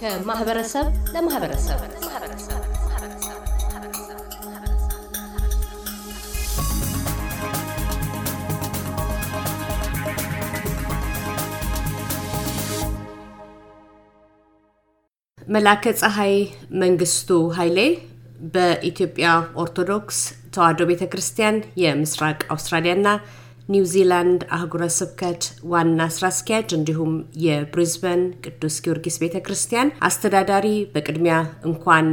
ከማህበረሰብ ለማህበረሰብ መላከ ፀሐይ መንግስቱ ኃይሌ በኢትዮጵያ ኦርቶዶክስ ተዋህዶ ቤተ ክርስቲያን የምስራቅ አውስትራሊያና ኒውዚላንድ አህጉረ ስብከት ዋና ስራ አስኪያጅ እንዲሁም የብሪዝበን ቅዱስ ጊዮርጊስ ቤተ ክርስቲያን አስተዳዳሪ፣ በቅድሚያ እንኳን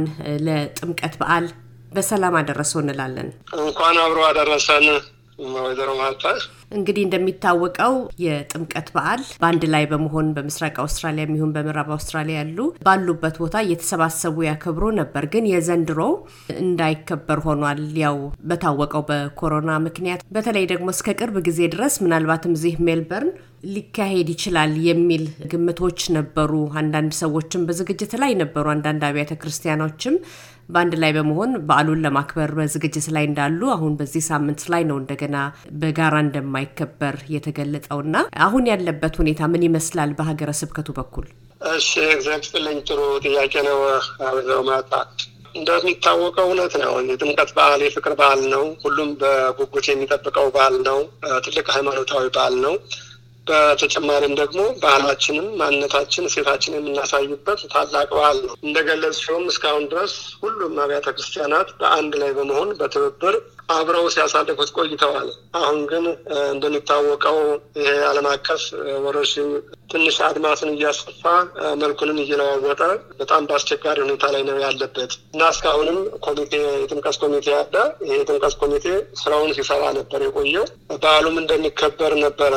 ለጥምቀት በዓል በሰላም አደረሰው እንላለን። እንኳን አብሮ አደረሰን። ወይዘሮ እንግዲህ እንደሚታወቀው የጥምቀት በዓል በአንድ ላይ በመሆን በምስራቅ አውስትራሊያ የሚሆን በምዕራብ አውስትራሊያ ያሉ ባሉበት ቦታ እየተሰባሰቡ ያከብሩ ነበር። ግን የዘንድሮ እንዳይከበር ሆኗል። ያው በታወቀው በኮሮና ምክንያት በተለይ ደግሞ እስከ ቅርብ ጊዜ ድረስ ምናልባትም እዚህ ሜልበርን ሊካሄድ ይችላል የሚል ግምቶች ነበሩ። አንዳንድ ሰዎችም በዝግጅት ላይ ነበሩ። አንዳንድ አብያተ ክርስቲያኖችም በአንድ ላይ በመሆን በዓሉን ለማክበር በዝግጅት ላይ እንዳሉ አሁን በዚህ ሳምንት ላይ ነው እንደገና በጋራ እንደማይከበር የተገለጠው እና አሁን ያለበት ሁኔታ ምን ይመስላል በሀገረ ስብከቱ በኩል? እሺ፣ እግዚአብሔር ጥሩ ጥያቄ ነው። አብዛው ማታ እንደሚታወቀው እውነት ነው የጥምቀት በዓል የፍቅር በዓል ነው። ሁሉም በጉጉት የሚጠብቀው በዓል ነው። ትልቅ ሃይማኖታዊ በዓል ነው። በተጨማሪም ደግሞ ባህላችንም ማንነታችን እሴታችን የምናሳይበት ታላቅ በዓል ነው። እንደገለጽሽውም እስካሁን ድረስ ሁሉም አብያተ ክርስቲያናት በአንድ ላይ በመሆን በትብብር አብረው ሲያሳልፉት ቆይተዋል። አሁን ግን እንደሚታወቀው ይሄ ዓለም አቀፍ ወረርሽኝ ትንሽ አድማስን እያስፋ መልኩንም እየለዋወጠ በጣም በአስቸጋሪ ሁኔታ ላይ ነው ያለበት እና እስካሁንም ኮሚቴ የጥምቀስ ኮሚቴ አለ። ይሄ የጥምቀስ ኮሚቴ ስራውን ሲሰራ ነበር የቆየው። በዓሉም እንደሚከበር ነበረ።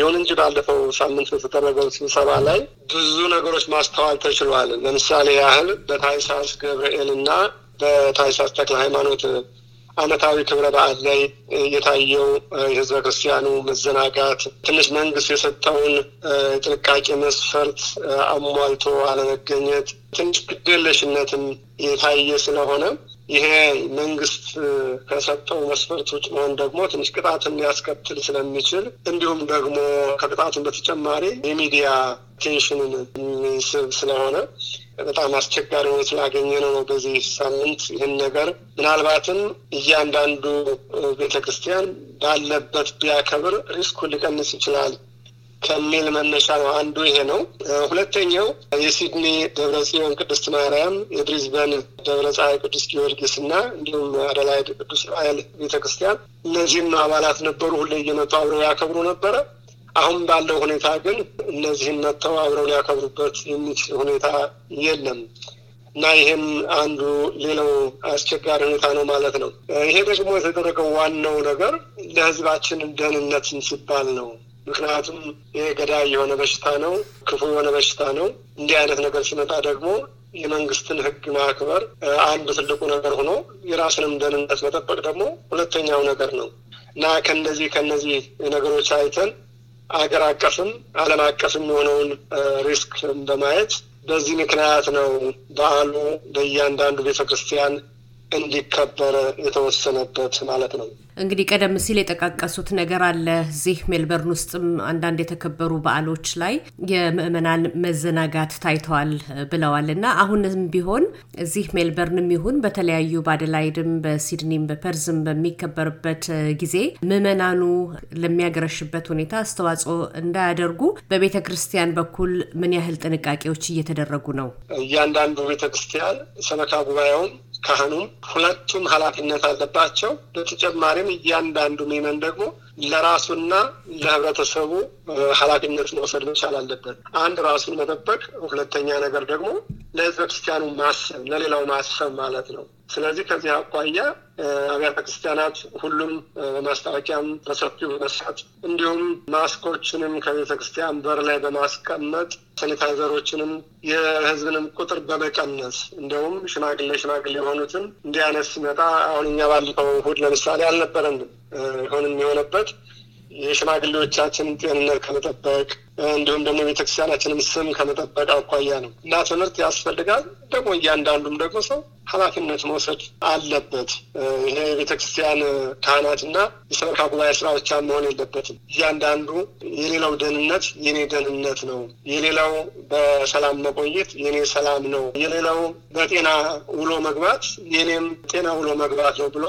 ይሁን እንጂ ባለፈው ሳምንት በተደረገው ስብሰባ ላይ ብዙ ነገሮች ማስተዋል ተችሏል። ለምሳሌ ያህል በታይሳስ ገብርኤል እና በታይሳስ ተክለ ሃይማኖት ዓመታዊ ክብረ በዓል ላይ የታየው የህዝበ ክርስቲያኑ መዘናጋት ትንሽ መንግስት የሰጠውን ጥንቃቄ መስፈርት አሟልቶ አለመገኘት ትንሽ ግድ የታየ ስለሆነ ይሄ መንግስት ከሰጠው መስፈርት ውጭ መሆን ደግሞ ትንሽ ቅጣትን ሊያስከትል ስለሚችል እንዲሁም ደግሞ ከቅጣቱን በተጨማሪ የሚዲያ ቴንሽንን የሚስብ ስለሆነ በጣም አስቸጋሪ ሁኔታ ነው ነው። በዚህ ሳምንት ይህን ነገር ምናልባትም እያንዳንዱ ቤተክርስቲያን ባለበት ቢያከብር ሪስኩ ሊቀንስ ይችላል ከሚል መነሻ ነው። አንዱ ይሄ ነው። ሁለተኛው የሲድኒ ደብረ ጽዮን ቅድስት ማርያም፣ የብሪዝበን ደብረ ፀሐይ ቅዱስ ጊዮርጊስ እና እንዲሁም አደላይድ ቅዱስ ራኤል ቤተክርስቲያን እነዚህም አባላት ነበሩ። ሁሌ እየመጡ አብረው ያከብሩ ነበረ። አሁን ባለው ሁኔታ ግን እነዚህን መጥተው አብረው ሊያከብሩበት የሚችል ሁኔታ የለም እና ይህም አንዱ ሌላው አስቸጋሪ ሁኔታ ነው ማለት ነው። ይሄ ደግሞ የተደረገው ዋናው ነገር ለሕዝባችን ደህንነት ሲባል ነው። ምክንያቱም ይሄ ገዳይ የሆነ በሽታ ነው፣ ክፉ የሆነ በሽታ ነው። እንዲህ አይነት ነገር ሲመጣ ደግሞ የመንግስትን ህግ ማክበር አንዱ ትልቁ ነገር ሆኖ የራስንም ደህንነት መጠበቅ ደግሞ ሁለተኛው ነገር ነው እና ከነዚህ ከነዚህ ነገሮች አይተን አገር አቀፍም ዓለም አቀፍም የሆነውን ሪስክ በማየት በዚህ ምክንያት ነው በዓሉ በእያንዳንዱ ቤተክርስቲያን እንዲከበር የተወሰነበት ማለት ነው። እንግዲህ ቀደም ሲል የጠቃቀሱት ነገር አለ። እዚህ ሜልበርን ውስጥም አንዳንድ የተከበሩ በዓሎች ላይ የምዕመናን መዘናጋት ታይተዋል ብለዋል እና አሁንም ቢሆን እዚህ ሜልበርንም ይሁን በተለያዩ በአደላይድም፣ በሲድኒም፣ በፐርዝም በሚከበርበት ጊዜ ምዕመናኑ ለሚያገረሽበት ሁኔታ አስተዋጽኦ እንዳያደርጉ በቤተ ክርስቲያን በኩል ምን ያህል ጥንቃቄዎች እየተደረጉ ነው? እያንዳንዱ ቤተ ክርስቲያን ሰበካ ጉባኤውን ካህኑም ሁለቱም ኃላፊነት አለባቸው። በተጨማሪም እያንዳንዱ ሚመን ደግሞ ለራሱና ለህብረተሰቡ ኃላፊነት መውሰድ መቻል አለበት። አንድ ራሱን መጠበቅ፣ ሁለተኛ ነገር ደግሞ ለህዝበ ክርስቲያኑ ማሰብ፣ ለሌላው ማሰብ ማለት ነው። ስለዚህ ከዚህ አኳያ አብያተ ክርስቲያናት ሁሉም በማስታወቂያም በሰፊው በመስራት እንዲሁም ማስኮችንም ከቤተ ክርስቲያን በር ላይ በማስቀመጥ ሰኒታይዘሮችንም የህዝብንም ቁጥር በመቀነስ እንዲሁም ሽማግሌ ሽማግሌ የሆኑትን እንዲያነስ ሲመጣ አሁን እኛ ባለፈው እሑድ ለምሳሌ አልነበረንም። ይሁንም የሆነበት የሽማግሌዎቻችንን ጤንነት ከመጠበቅ እንዲሁም ደግሞ የቤተክርስቲያናችንም ስም ከመጠበቅ አኳያ ነው እና ትምህርት ያስፈልጋል። ደግሞ እያንዳንዱም ደግሞ ሰው ኃላፊነት መውሰድ አለበት። ይሄ የቤተክርስቲያን ካህናት እና የሰበካ ጉባኤ ስራ ብቻ መሆን የለበትም። እያንዳንዱ የሌላው ደህንነት የኔ ደህንነት ነው፣ የሌላው በሰላም መቆየት የኔ ሰላም ነው፣ የሌላው በጤና ውሎ መግባት የኔም ጤና ውሎ መግባት ነው ብሎ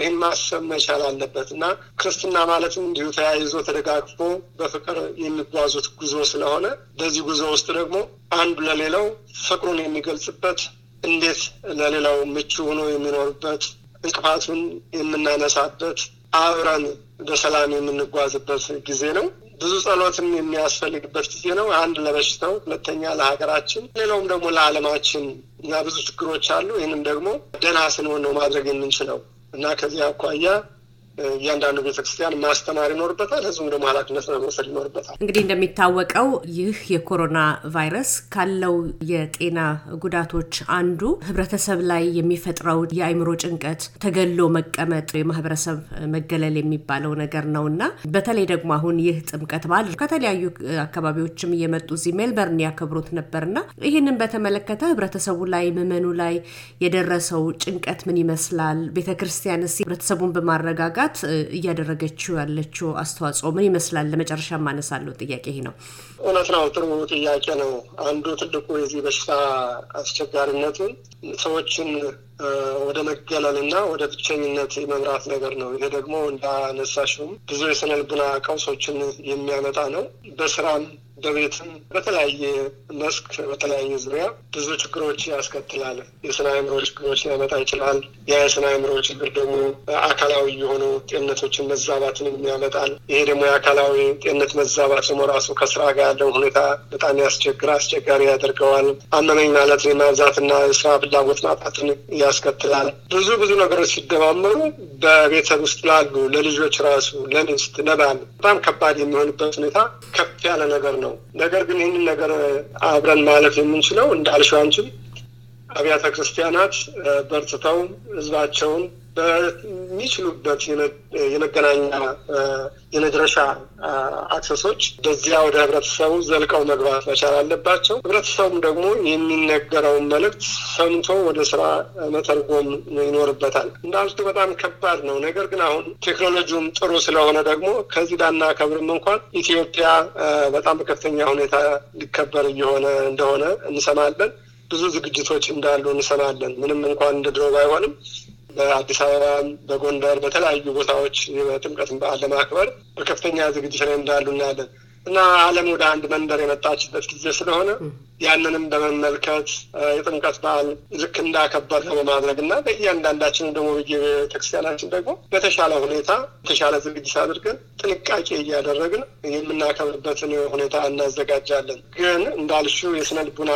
ይህን ማሰብ መቻል አለበት እና ክርስትና ማለትም እንዲሁ ተያይዞ ተደጋግፎ በፍቅር የሚጓዙት ጉዞ ስለሆነ በዚህ ጉዞ ውስጥ ደግሞ አንዱ ለሌላው ፍቅሩን የሚገልጽበት እንዴት ለሌላው ምቹ ሆኖ የሚኖርበት እንቅፋቱን የምናነሳበት አብረን በሰላም የምንጓዝበት ጊዜ ነው። ብዙ ጸሎትም የሚያስፈልግበት ጊዜ ነው። አንድ ለበሽታው፣ ሁለተኛ ለሀገራችን፣ ሌላውም ደግሞ ለዓለማችን እና ብዙ ችግሮች አሉ። ይህንም ደግሞ ደህና ስንሆን ነው ማድረግ የምንችለው። እናከዚያ አኳያ እያንዳንዱ ቤተክርስቲያን ማስተማር ይኖርበታል። ህዝቡም ደግሞ ኃላፊነት መውሰድ ይኖርበታል። እንግዲህ እንደሚታወቀው ይህ የኮሮና ቫይረስ ካለው የጤና ጉዳቶች አንዱ ህብረተሰብ ላይ የሚፈጥረው የአይምሮ ጭንቀት፣ ተገሎ መቀመጥ፣ የማህበረሰብ መገለል የሚባለው ነገር ነው እና በተለይ ደግሞ አሁን ይህ ጥምቀት በዓል ከተለያዩ አካባቢዎችም እየመጡ እዚህ ሜልበርን ያከብሩት ነበር እና ይህንን በተመለከተ ህብረተሰቡ ላይ ምዕመኑ ላይ የደረሰው ጭንቀት ምን ይመስላል? ቤተክርስቲያንስ ህብረተሰቡን በማረጋጋት ለማረጋጋት እያደረገችው ያለችው አስተዋጽኦ ምን ይመስላል? ለመጨረሻ ማነሳለው ጥያቄ ይሄ ነው። እውነት ነው። ጥሩ ጥያቄ ነው። አንዱ ትልቁ የዚህ በሽታ አስቸጋሪነቱ ሰዎችን ወደ መገለል እና ወደ ብቸኝነት የመምራት ነገር ነው። ይሄ ደግሞ እንዳነሳሽውም ብዙ የስነ ልቡና ቀውሶችን የሚያመጣ ነው። በስራም በቤትም በተለያየ መስክ በተለያየ ዙሪያ ብዙ ችግሮች ያስከትላል። የስነ አእምሮ ችግሮች ሊያመጣ ይችላል። ያ የስነ አእምሮ ችግር ደግሞ አካላዊ የሆኑ ጤንነቶችን መዛባትን ያመጣል። ይሄ ደግሞ የአካላዊ ጤንነት መዛባት ደግሞ ራሱ ከስራ ጋር ያለው ሁኔታ በጣም ያስቸግር አስቸጋሪ ያደርገዋል። አመመኝ ማለት የማብዛትና የስራ ፍላጎት ማጣትን ያስከትላል። ብዙ ብዙ ነገሮች ሲደማመሩ በቤተሰብ ውስጥ ላሉ ለልጆች ራሱ ለሚስት ለባል በጣም ከባድ የሚሆንበት ሁኔታ ከፍ ያለ ነገር ነው። ነው። ነገር ግን ይህንን ነገር አብረን ማለፍ የምንችለው እንዳልሽው አንቺም አብያተ ክርስቲያናት በርትተው ህዝባቸውን በሚችሉበት የመገናኛ የመድረሻ አክሰሶች በዚያ ወደ ህብረተሰቡ ዘልቀው መግባት መቻል አለባቸው። ህብረተሰቡም ደግሞ የሚነገረውን መልእክት ሰምቶ ወደ ስራ መተርጎም ይኖርበታል። እንዳልኩ በጣም ከባድ ነው። ነገር ግን አሁን ቴክኖሎጂውም ጥሩ ስለሆነ ደግሞ ከዚህ ከብርም እንኳን ኢትዮጵያ በጣም በከፍተኛ ሁኔታ ሊከበር እየሆነ እንደሆነ እንሰማለን። ብዙ ዝግጅቶች እንዳሉ እንሰማለን። ምንም እንኳን እንደ ድሮ ባይሆንም በአዲስ አበባም በጎንደር በተለያዩ ቦታዎች የጥምቀትን በዓል ለማክበር በከፍተኛ ዝግጅት ላይ እንዳሉ እናያለን። እና ዓለም ወደ አንድ መንደር የመጣችበት ጊዜ ስለሆነ ያንንም በመመልከት የጥምቀት በዓል ልክ እንዳከበር በማድረግ እና በእያንዳንዳችን ደግሞ ቤተክርስቲያናችን ደግሞ በተሻለ ሁኔታ የተሻለ ዝግጅት አድርገን ጥንቃቄ እያደረግን የምናከብርበትን ሁኔታ እናዘጋጃለን። ግን እንዳልሹ የስነ ልቡና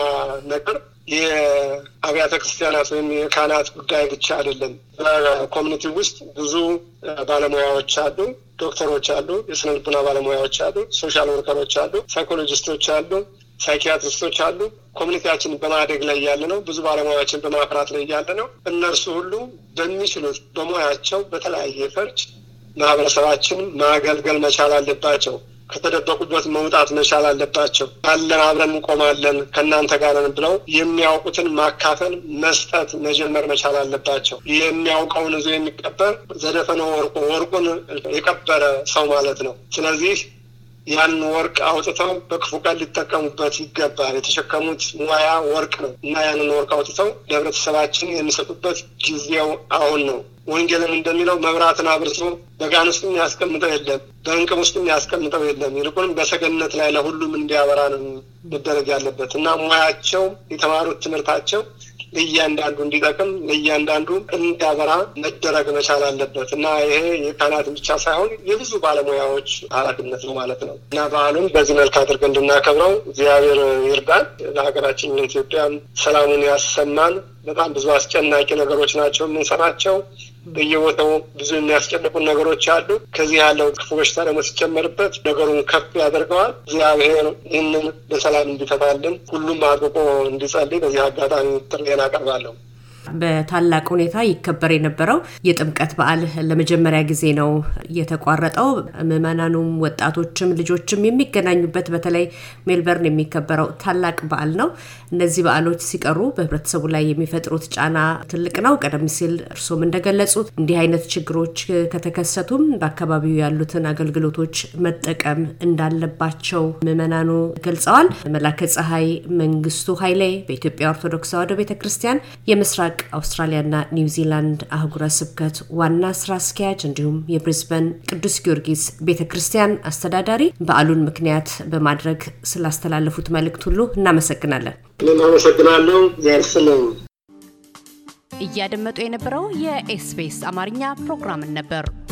ነገር የአብያተ ክርስቲያናት ወይም የካህናት ጉዳይ ብቻ አይደለም። በኮሚኒቲ ውስጥ ብዙ ባለሙያዎች አሉ። ዶክተሮች አሉ፣ የስነ ልቡና ባለሙያዎች አሉ፣ ሶሻል ወርከሮች አሉ፣ ሳይኮሎጂስቶች አሉ፣ ሳይኪያትሪስቶች አሉ። ኮሚኒቲያችን በማደግ ላይ ያለ ነው። ብዙ ባለሙያዎችን በማፍራት ላይ ያለ ነው። እነርሱ ሁሉ በሚችሉት በሙያቸው በተለያየ ፈርጅ ማህበረሰባችን ማገልገል መቻል አለባቸው። ከተደበቁበት መውጣት መቻል አለባቸው። ካለን አብረን እንቆማለን ከእናንተ ጋርን ብለው የሚያውቁትን ማካፈል፣ መስጠት መጀመር መቻል አለባቸው። የሚያውቀውን ይዞ የሚቀበር ዘደፈነው ወርቁን የቀበረ ሰው ማለት ነው። ስለዚህ ያን ወርቅ አውጥተው በክፉ ቀን ሊጠቀሙበት ይገባል። የተሸከሙት ሙያ ወርቅ ነው እና ያንን ወርቅ አውጥተው ለህብረተሰባችን የሚሰጡበት ጊዜው አሁን ነው። ወንጌልም እንደሚለው መብራትን አብርቶ በጋን ውስጥ የሚያስቀምጠው የለም፣ በእንቅብ ውስጥ የሚያስቀምጠው የለም። ይልቁንም በሰገነት ላይ ለሁሉም እንዲያበራ ነው መደረግ ያለበት እና ሙያቸው የተማሩት ትምህርታቸው ለእያንዳንዱ እንዲጠቅም ለእያንዳንዱ እንዳበራ መደረግ መቻል አለበት እና ይሄ የካህናት ብቻ ሳይሆን የብዙ ባለሙያዎች ኃላፊነት ነው ማለት ነው እና በዓሉን በዚህ መልክ አድርገን እንድናከብረው እግዚአብሔር ይርዳን። ለሀገራችን ለኢትዮጵያ ሰላሙን ያሰማን። በጣም ብዙ አስጨናቂ ነገሮች ናቸው የምንሰራቸው። በየቦታው ብዙ የሚያስጨንቁን ነገሮች አሉ። ከዚህ ያለው ክፉ በሽታ ደግሞ ሲጨመርበት ነገሩን ከፍ ያደርገዋል። እግዚአብሔር ይህንን በሰላም እንዲፈታልን ሁሉም አጥብቆ እንዲጸልይ በዚህ አጋጣሚ ጥሬን አቀርባለሁ። በታላቅ ሁኔታ ይከበር የነበረው የጥምቀት በዓል ለመጀመሪያ ጊዜ ነው የተቋረጠው። ምዕመናኑም፣ ወጣቶችም፣ ልጆችም የሚገናኙበት በተለይ ሜልበርን የሚከበረው ታላቅ በዓል ነው። እነዚህ በዓሎች ሲቀሩ በህብረተሰቡ ላይ የሚፈጥሩት ጫና ትልቅ ነው። ቀደም ሲል እርሶም እንደገለጹት እንዲህ አይነት ችግሮች ከተከሰቱም በአካባቢው ያሉትን አገልግሎቶች መጠቀም እንዳለባቸው ምዕመናኑ ገልጸዋል። መላከ ፀሐይ መንግስቱ ኃይሌ በኢትዮጵያ ኦርቶዶክስ ተዋሕዶ ቤተ ክርስቲያን የምስራቅ ምስራቅ አውስትራሊያና ኒውዚላንድ አህጉረ ስብከት ዋና ስራ አስኪያጅ እንዲሁም የብሪዝበን ቅዱስ ጊዮርጊስ ቤተ ክርስቲያን አስተዳዳሪ በዓሉን ምክንያት በማድረግ ስላስተላለፉት መልእክት ሁሉ እናመሰግናለን። እያደመጡ የነበረው የኤስቢኤስ አማርኛ ፕሮግራምን ነበር።